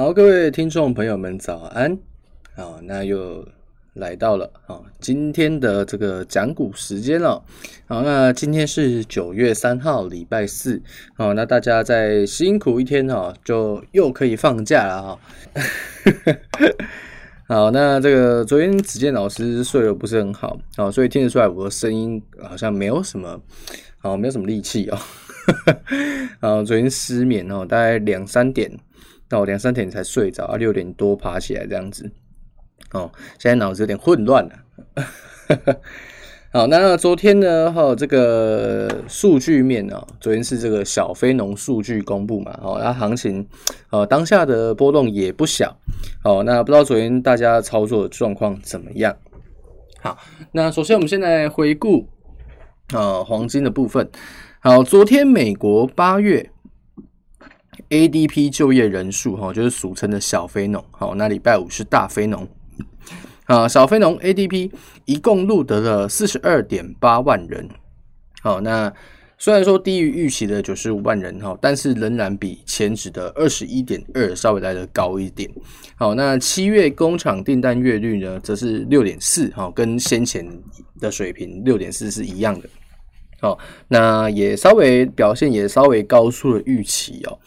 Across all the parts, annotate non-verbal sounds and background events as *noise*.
好，各位聽眾朋友們，早安！好，那又來到了啊、哦，今天的這個講股時間了、哦。好，那今天是九月三號，禮拜四。哦，那大家再辛苦一天哦，就又可以放假了哈。哦、 *laughs* 好，那這個昨天子健老師睡得不是很好，哦，所以聽得出來我的聲音好像沒有什麼，好，沒有什麼力氣哦。啊， *laughs* 昨天失眠哦，大概兩三點。到我兩三點才睡着，啊、六點多爬起來這樣子。哦，現在腦子有點混亂了、啊。 *laughs* 好，那昨天呢？哈、哦，這個數據面呢、哦？昨天是這個小非農數據公布嘛？哦，它行情呃、哦，當下的波動也不小。哦，那不知道昨天大家操作的狀況怎麼樣？好，那首先我們先來回顧呃、哦、黃金的部分。好，昨天美國八月。ADP 就業人數哈，就是俗稱的小非農。好，那禮拜五是大非農。啊，小非農 ADP 一共錄得了四十二點八萬人。好，那雖然說低於預期的九十五萬人哈，但是仍然比前值的二十一點二稍微來得高一點。好，那七月工廠訂單月率呢，則是六點四哈，跟先前的水平六點四是一樣的。哦，那也稍微表現也稍微高出了預期哦，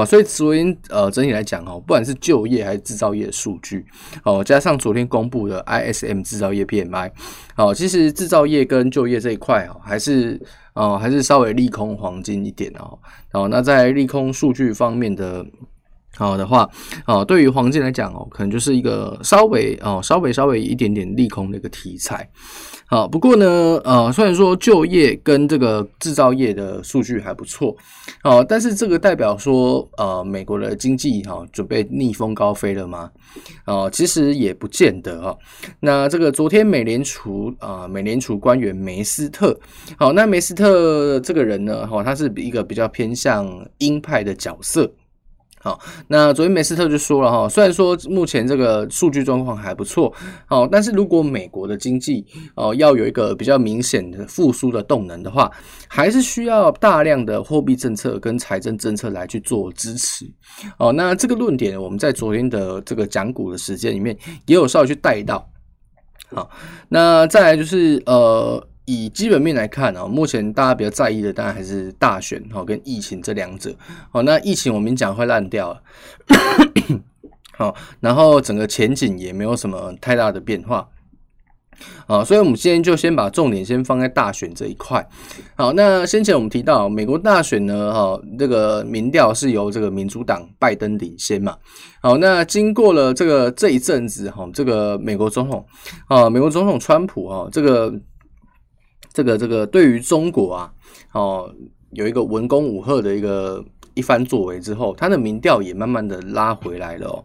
哦，所以昨天呃整體來講哦，不管是就業還是製造業的數據哦，加上昨天公布的 ISM 製造業 PMI，哦，其實製造業跟就業這一塊哦，還是呃、哦、還是稍微利空黃金一點哦，哦，那在利空數據方面的。好的話，哦，對於黃金來講哦，可能就是一個稍微哦，稍微稍微一點點利空的一個題材。好，不過呢，呃、哦，雖然說就業跟這個製造業的數據還不錯，哦，但是這個代表說，呃，美國的經濟哈、哦，準備逆風高飛了嗎？哦，其實也不見得哈、哦。那這個昨天美聯儲啊、呃，美聯儲官員梅斯特，好，那梅斯特這個人呢，哈、哦，他是一個比較偏向鷹派的角色。好，那昨天梅斯特就說了哈，雖然說目前這個數據狀況還不錯，哦，但是如果美國的經濟哦要有一個比較明顯的復甦的動能的話，還是需要大量的貨幣政策跟財政政策來去做支持。哦，那這個論點我們在昨天的這個講股的時間裡面也有稍微去帶到。好，那再來就是呃。以基本面來看、哦、目前大家比較在意的當然還是大選哈、哦、跟疫情這兩者、哦、那疫情我們講會爛掉了 *laughs* 好，然後整個前景也沒有什麼太大的變化，好，所以我們今天就先把重點先放在大選這一塊。好，那先前我們提到美國大選呢，哈、哦，這個民調是由這個民主黨拜登領先嘛。好，那經過了這個這一陣子哈、哦，這個美國總統啊、哦，美國總統川普、哦、這個。這個這個，對於中國啊，哦，有一個文攻武嚇的一個一番作為之後，他的民調也慢慢的拉回來了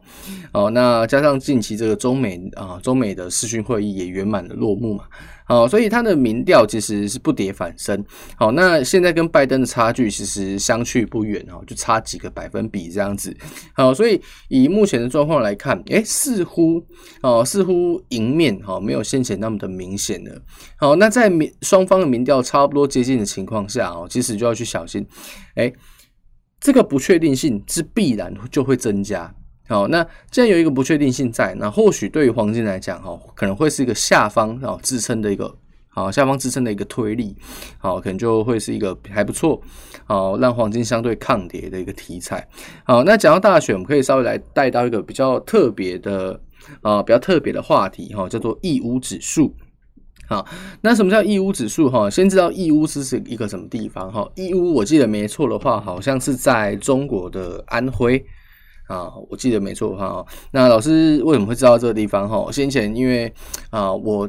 哦。那加上近期這個中美啊，中美的視訊會議也圓滿的落幕嘛。好，所以他的民調其實是不跌反升。好，那現在跟拜登的差距其實相去不遠哦，就差幾個百分比這樣子。好，所以以目前的狀況來看，哎、欸，似乎哦，似乎贏面哦，沒有先前那麼的明顯了。好，那在雙方的民調差不多接近的情況下哦，其實就要去小心，欸這個不確定性是必然就會增加。好，那既然有一個不確定性在，那或許對於黃金來講，哈，可能會是一個下方啊支撐的一個好，下方支撐的一個推力，好，可能就會是一個還不錯，好，讓黃金相對抗跌的一個題材。好，那講到大選，我們可以稍微來帶到一個比較特別的啊，比較特別的話題，哈，叫做義烏指數。啊，那什麼叫義烏指數？哈，先知道義烏是是一個什麼地方？哈，義烏我記得沒錯的話，好像是在中國的安徽啊。我記得沒錯的話，哦，那老師為什麼會知道這個地方？哈，先前因為啊，我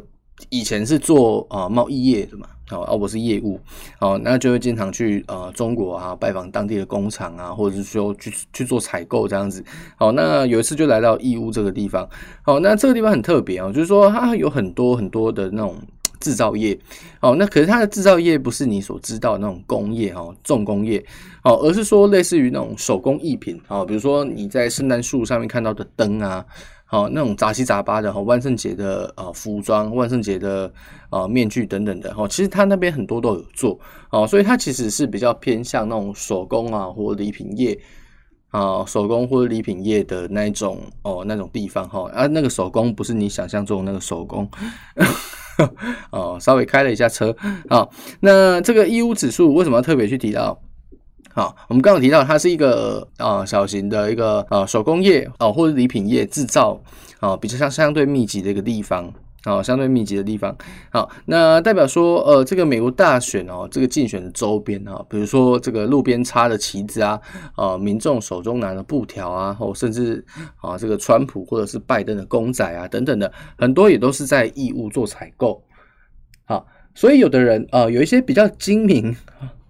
以前是做啊貿易業的嘛，哦、啊，啊我是業務，哦，那就會經常去啊、呃、中國啊拜訪當地的工廠啊，或者是說去去做採購這樣子。好，那有一次就來到義烏這個地方。好，那這個地方很特別哦，就是說它有很多很多的那種。製造業，哦，那可是它的製造業不是你所知道的那種工業哦，重工業哦，而是說類似於那種手工藝品哦。比如說你在聖誕樹上面看到的燈啊，哦，那種雜七雜八的，哦，萬聖節的啊、哦、服裝，萬聖節的啊、哦、面具等等的，哦。其實它那邊很多都有做哦，所以它其實是比較偏向那種手工啊，或禮品業啊、哦，手工或者禮品業的那一種哦，那種地方哈、哦，啊，那個手工不是你想象中的那個手工。 *laughs* *laughs* 哦，稍微開了一下車啊。那這個義烏指數為什麼要特別去提到？好，我們剛剛提到它是一個啊、呃、小型的一個呃手工業啊、呃，或者禮品業製造啊、呃、比較相相對密集的一個地方。好，相對密集的地方。好，那代表說，呃，這個美國大選哦，這個競選的周邊啊，比如說這個路邊插的旗子啊，啊、呃，民眾手中拿的布條啊，或、哦、甚至啊，這個川普或者是拜登的公仔啊等等的，很多也都是在義烏做採購。好，所以有的人啊、呃，有一些比較精明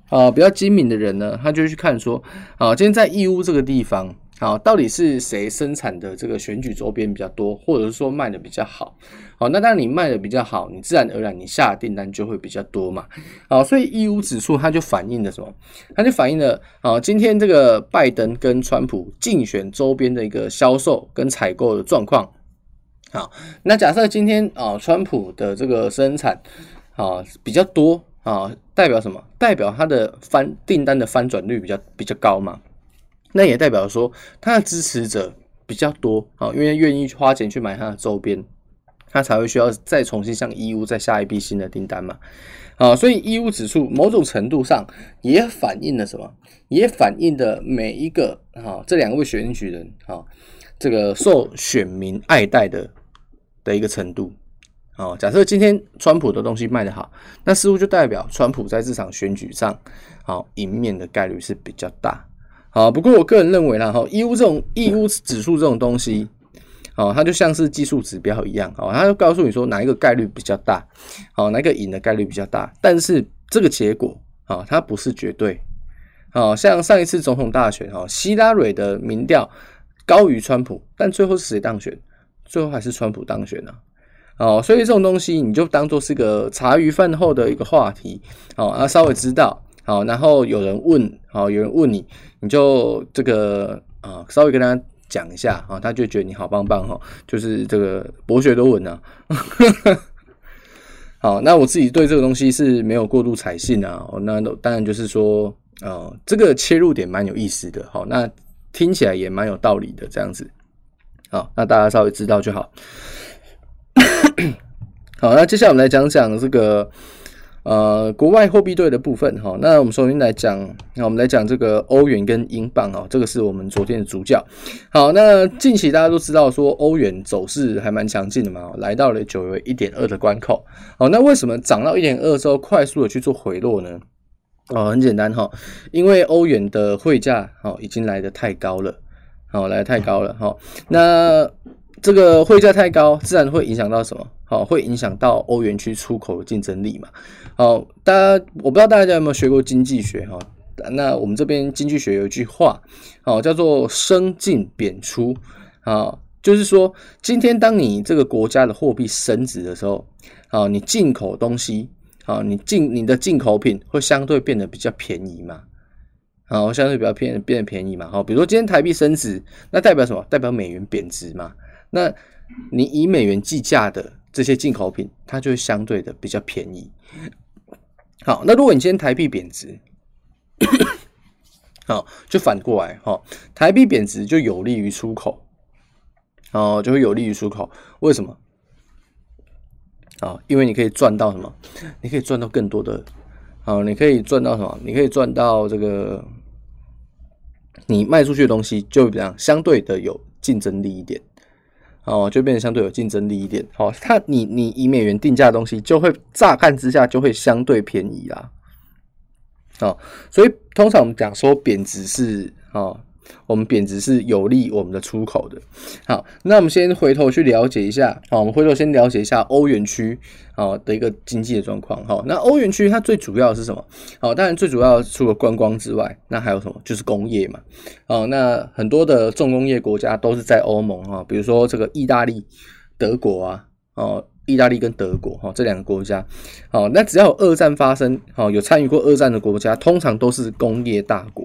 啊，比較精明的人呢，他就去看說，啊，今天在義烏這個地方。好，到底是誰生產的這個選舉周邊比較多，或者是說賣的比較好？好，那當然你賣的比較好，你自然而然你下訂單就會比較多嘛。好，所以義烏指數它就反映了什麼？它就反映了啊，今天這個拜登跟川普競選周邊的一個銷售跟採購的狀況。好，那假設今天啊、哦，川普的這個生產啊、哦、比較多啊、哦，代表什麼？代表他的翻訂單的翻轉率比較比較高嘛。那也代表說他的支持者比較多啊，因為願意花錢去買他的周邊，他才會需要再重新向義烏再下一批新的訂單嘛。啊，所以義烏指數某種程度上也反映了什麼？也反映了每一個啊，這兩位選舉人啊，這個受選民愛戴的的一個程度。啊，假設今天川普的東西賣得好，那似乎就代表川普在這場選舉上，好，贏面的概率，是比較大。好，不過我個人認為啦，哈、哦，義烏這種義烏指數這種東西，哦，它就像是技術指標一樣，哦，它就告訴你說哪一個概率比較大，哦，哪個贏的概率比較大，但是這個結果，好、哦，它不是絕對，哦，像上一次總統大選，哦，希拉蕊的民調高於川普，但最後是誰當選？最後還是川普當選呢、啊，哦，所以這種東西你就當做是個茶餘飯後的一個話題，哦，啊，稍微知道。好，然後有人問，好，有人問你，你就這個啊、哦，稍微跟他講一下啊、哦，他就覺得你好棒棒哈、哦，就是這個博學多聞啊。 *laughs* 好，那我自己對這個東西是沒有過度採信啊、哦。那當然就是說，哦，這個切入點蠻有意思的，好、哦，那聽起來也蠻有道理的，這樣子。好，那大家稍微知道就好。 *coughs* 好，那接下來我們來講講這個。呃，國外貨幣對的部分哈，那我們首先來講，那我們來講這個歐元跟英鎊啊，這個是我們昨天的主角。好，那近期大家都知道說歐元走勢還蠻強勁的嘛，來到了九月一點二的關口。好，那為什麼漲到一點二之後快速的去做回落呢？哦，很簡單哈，因為歐元的匯價已經來得太高了，好來得太高了哈，那。這個匯價太高，自然會影響到什麼？好，會影響到歐元區出口的競爭力嘛。好，大家我不知道大家有沒有學過經濟學哈？那我們這邊經濟學有一句話，好叫做“升進貶出”，啊，就是說今天當你這個國家的貨幣升值的時候，啊，你進口東西，啊，你進你的進口品會相對變得比較便宜嘛。好，相對比較便變得便宜嘛。好，比如說今天台幣升值，那代表什麼？代表美元貶值嘛。那，你以美元計價的這些進口品，它就相對的比較便宜。好，那如果你先台幣貶值，好，就反過來哈，台幣貶值就有利於出口，哦，就會有利於出口。為什麼？啊，因為你可以賺到什麼？你可以賺到更多的，啊，你可以賺到什麼？你可以賺到這個，你賣出去的東西就比較相對的有競爭力一點。哦，就變得相對有競爭力一點。哦，它你你以美元定價的東西，就會乍看之下就會相對便宜啦。哦，所以通常我們講說貶值是哦。我們貶值是有利我們的出口的。好，那我們先回頭去了解一下。好，我們回頭先了解一下歐元區的一個經濟的狀況。那歐元區它最主要是什麼？好，當然最主要除了觀光之外，那還有什麼？就是工業嘛。哦，那很多的重工業國家都是在歐盟，比如說這個意大利、德國啊。哦，意大利跟德國這兩個國家。好，那只要有二戰發生，好，有參與過二戰的國家，通常都是工業大國。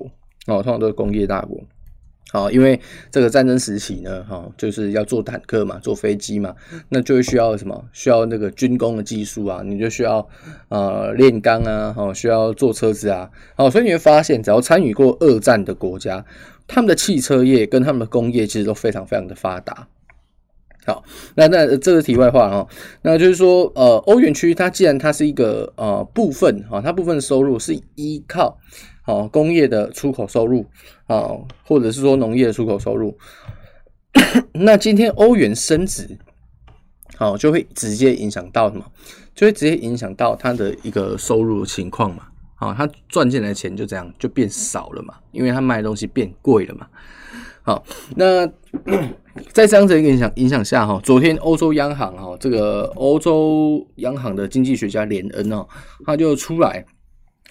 哦、通常都是工業大國。好，因為這個戰爭時期呢，哈、哦，就是要做坦克嘛，坐飛機嘛，那就會需要什麼？需要那個軍工的技術啊，你就需要呃煉鋼啊，哈、哦，需要做車子啊，好，所以你會發現，只要參與過二戰的國家，他們的汽車業跟他們的工業其實都非常非常的發達。好，那那這個題外話哦，那就是說，呃，歐元區它既然它是一個呃部分哈、哦，它部分的收入是依靠。好，工業的出口收入，好，或者是說農業的出口收入， *coughs* 那今天歐元升值，好，就會直接影響到什麼？就會直接影響到他的一個收入情況嘛。好，他賺進來的錢就這樣就變少了嘛，因為他賣的東西變貴了嘛。好，那 *coughs* 在這樣子一個影響影響下，哈，昨天歐洲央行哈，這個歐洲央行的經濟學家連恩哦，他就出來。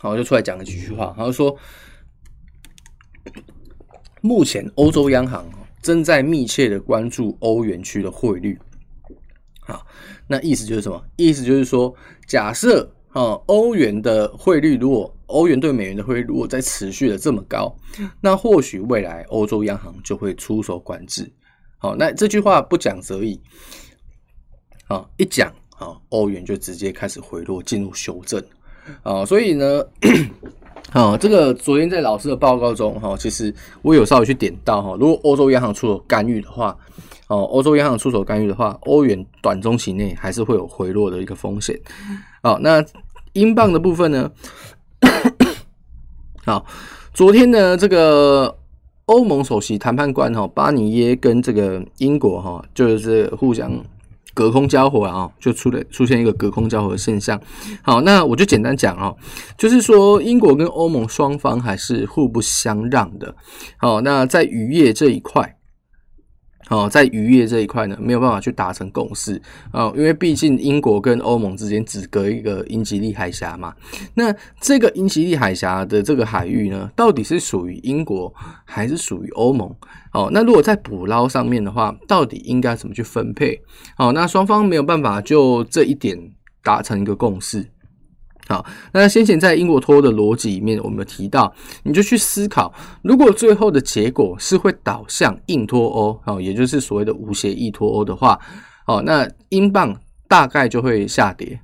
好，就出來講了幾句話。他說：“目前歐洲央行正在密切的關注歐元區的匯率。好，那意思就是什麼？意思就是說，假設啊，歐元的匯率，如果歐元對美元的匯率如果再持續的這麼高，那或許未來歐洲央行就會出手管制。好，那這句話不講則已，好，一講啊，歐元就直接開始回落，進入修正。”啊、哦，所以呢，啊、 *coughs* 哦，這個昨天在老師的報告中，哈、哦，其實我有稍微去點到哈、哦，如果歐洲央行出手干預的話，哦，歐洲央行出手干預的話，歐元短中期內還是會有回落的一個風險。好、 *coughs* 哦，那英鎊的部分呢？ *coughs* 好，昨天呢，這個歐盟首席談判官哈、哦、巴尼耶跟這個英國哈、哦，就是互相。隔空交火啊，就出了出現一個隔空交火的現象。好，那我就簡單講哦、啊，就是說英國跟歐盟雙方還是互不相讓的。好，那在漁業這一塊。哦，在漁業這一塊呢，沒有辦法去達成共識啊。哦，因為畢竟英國跟歐盟之間只隔一個英吉利海峽嘛。那這個英吉利海峽的這個海域呢，到底是屬於英國還是屬於歐盟？哦，那如果在捕撈上面的話，到底應該怎麼去分配？哦，那雙方沒有辦法就這一點達成一個共識。好，那先前在英國脫歐的邏輯裡面，我們有提到，你就去思考，如果最後的結果是會導向硬脫歐，哦，也就是所謂的無協議脫歐的話，哦，那英鎊大概就會下跌。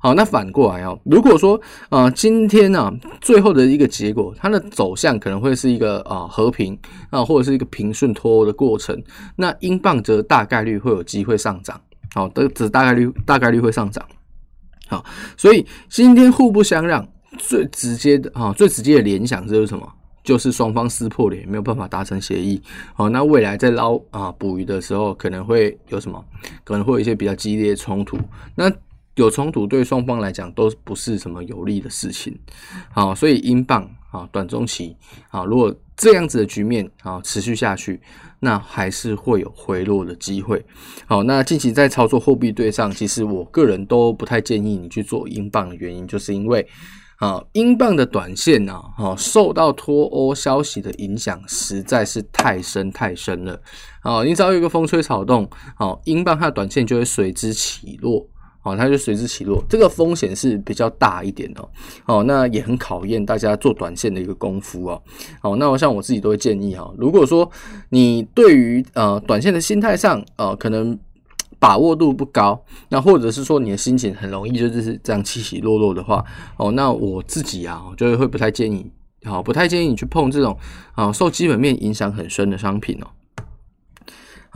好，那反過來哦，如果說，啊、呃、今天呢、啊，最後的一個結果，它的走向可能會是一個啊、呃、和平啊或者是一個平順脫歐的過程，那英鎊則大概率會有機會上漲。好，的這大概率大概率會上漲。好，所以今天互不相讓最，最直接的哈，最直接的聯想是就是什麼？就是雙方撕破臉，沒有辦法達成協議。好，那未來在撈啊捕魚的時候，可能會有什麼？可能會有一些比較激烈的衝突。那有衝突對雙方來講都不是什麼有利的事情。好，所以英鎊。啊，短中期啊，如果這樣子的局面啊持續下去，那還是會有回落的機會。好，那近期在操作貨幣對上，其實我個人都不太建議你去做英鎊的原因，就是因為啊，英鎊的短線呢、啊，哈，受到脫歐消息的影響實在是太深太深了。啊，你只要有一個風吹草動，啊，英鎊它的短線就會隨之起落。哦，它就隨之起落，這個風險是比較大一點的哦。哦，那也很考驗大家做短線的一個功夫哦。好、哦，那我像我自己都會建議哦，如果說你對於呃短線的心態上，呃，可能把握度不高，那或者是說你的心情很容易就是這樣起起落落的話，哦，那我自己啊，就會不太建議，好、哦，不太建議你去碰這種啊、哦、受基本面影響很深的商品哦。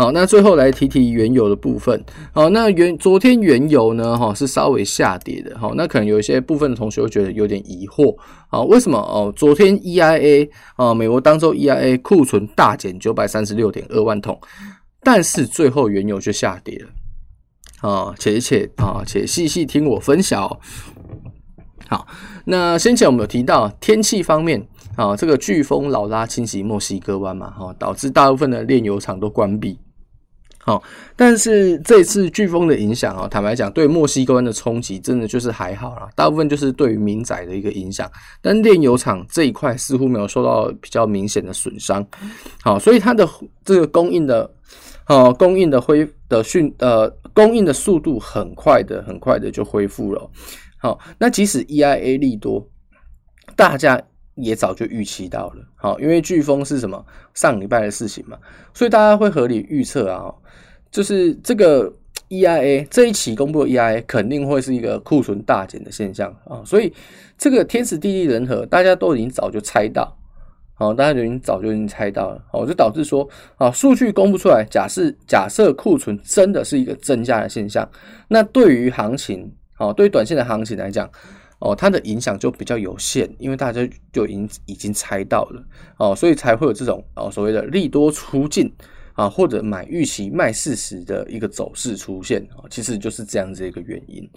好，那最後來提提原油的部分。好，那原昨天原油呢，哈、哦、是稍微下跌的。好、哦，那可能有一些部分的同學會覺得有點疑惑，啊，為什麼哦？昨天 EIA 啊、哦，美國當周 EIA 庫存大減九百三十六點二萬桶，但是最後原油就下跌了。啊、哦，且且啊、哦，且細細聽我分享、哦。好，那先前我們有提到天氣方面啊、哦，這個颶風勞拉侵襲墨西哥灣嘛，哈、哦，導致大部分的煉油廠都關閉。好，但是這次颶風的影響啊，坦白講，對墨西哥灣的衝擊真的就是還好啦，大部分就是對於民宅的一個影響，但煉油廠這一塊似乎沒有受到比較明顯的損傷。好，所以它的這個供應的，呃、哦，供應的恢的迅呃，供應的速度很快的，很快的就恢復了。好，那即使 EIA 利多，大家。也早就預期到了，好，因為颶風是什麼，上禮拜的事情嘛，所以大家會合理預測啊，就是這個 EIA 這一期公布的 EIA 肯定會是一個庫存大減的現象啊、哦，所以這個天時地利人和大家都已經早就猜到，好、哦，大家已經早就已經猜到了，好、哦，就導致說啊、哦，數據公布出來，假設假設庫存真的是一個增加的現象，那對於行情，好、哦，對於短線的行情來講。哦，它的影響就比較有限，因為大家就已經已經猜到了哦，所以才會有這種哦，所謂的利多出盡啊，或者買預期賣事實的一個走勢出現啊、哦，其實就是這樣子一個原因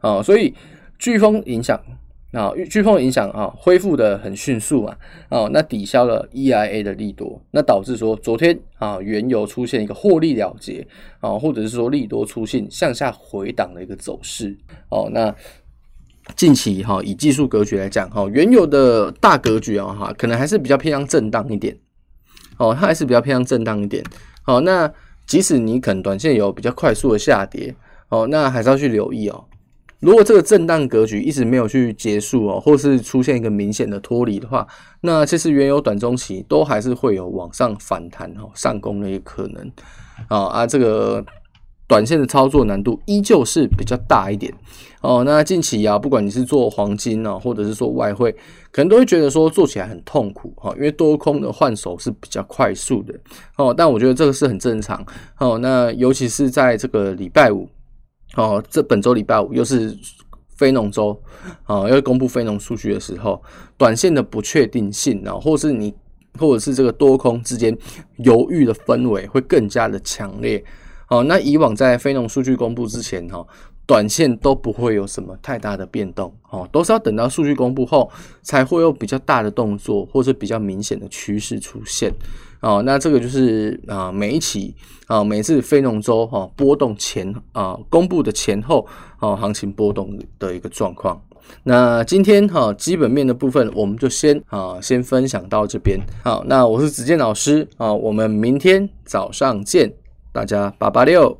啊、哦。所以颶風影響啊，颶、哦、風影響啊、哦，恢復的很迅速啊、哦，那抵消了 EIA 的利多，那導致說昨天啊、哦、原油出現一個獲利了結啊、哦，或者是說利多出現向下回檔的一個走勢哦，那。近期哈，以技術格局來講哈，原油的大格局啊哈，可能還是比較偏向震盪一點。哦，它還是比較偏向震盪一點。好，那即使你可能短線有比較快速的下跌，哦，那還是要去留意哦。如果這個震盪格局一直沒有去結束哦，或是出現一個明顯的脫離的話，那其實原油短中期都還是會有往上反彈、哈上攻的一個可能。哦啊，這個。短線的操作難度依舊是比較大一點哦。那近期啊，不管你是做黃金啊、哦，或者是說外匯，可能都會覺得說做起來很痛苦哈、哦，因為多空的換手是比較快速的哦。但我覺得這個是很正常哦。那尤其是在這個禮拜五哦，這本周禮拜五又是非農周啊，要、哦、公布非農數據的時候，短線的不確定性啊、哦，或者是你，或者是這個多空之間猶豫的氛圍會更加的強烈。好，那以往在非農數據公布之前，哈，短線都不會有什麼太大的變動，哦，都是要等到數據公布後，才會有比較大的動作或者比較明顯的趨勢出現，哦，那這個就是啊每一期啊，每次非農周哈，波動前啊，公布的前後啊，行情波動的一個狀況。那今天哈，基本面的部分我們就先啊先分享到這邊，好，那我是子健老師，啊，我們明天早上見。大家八八六。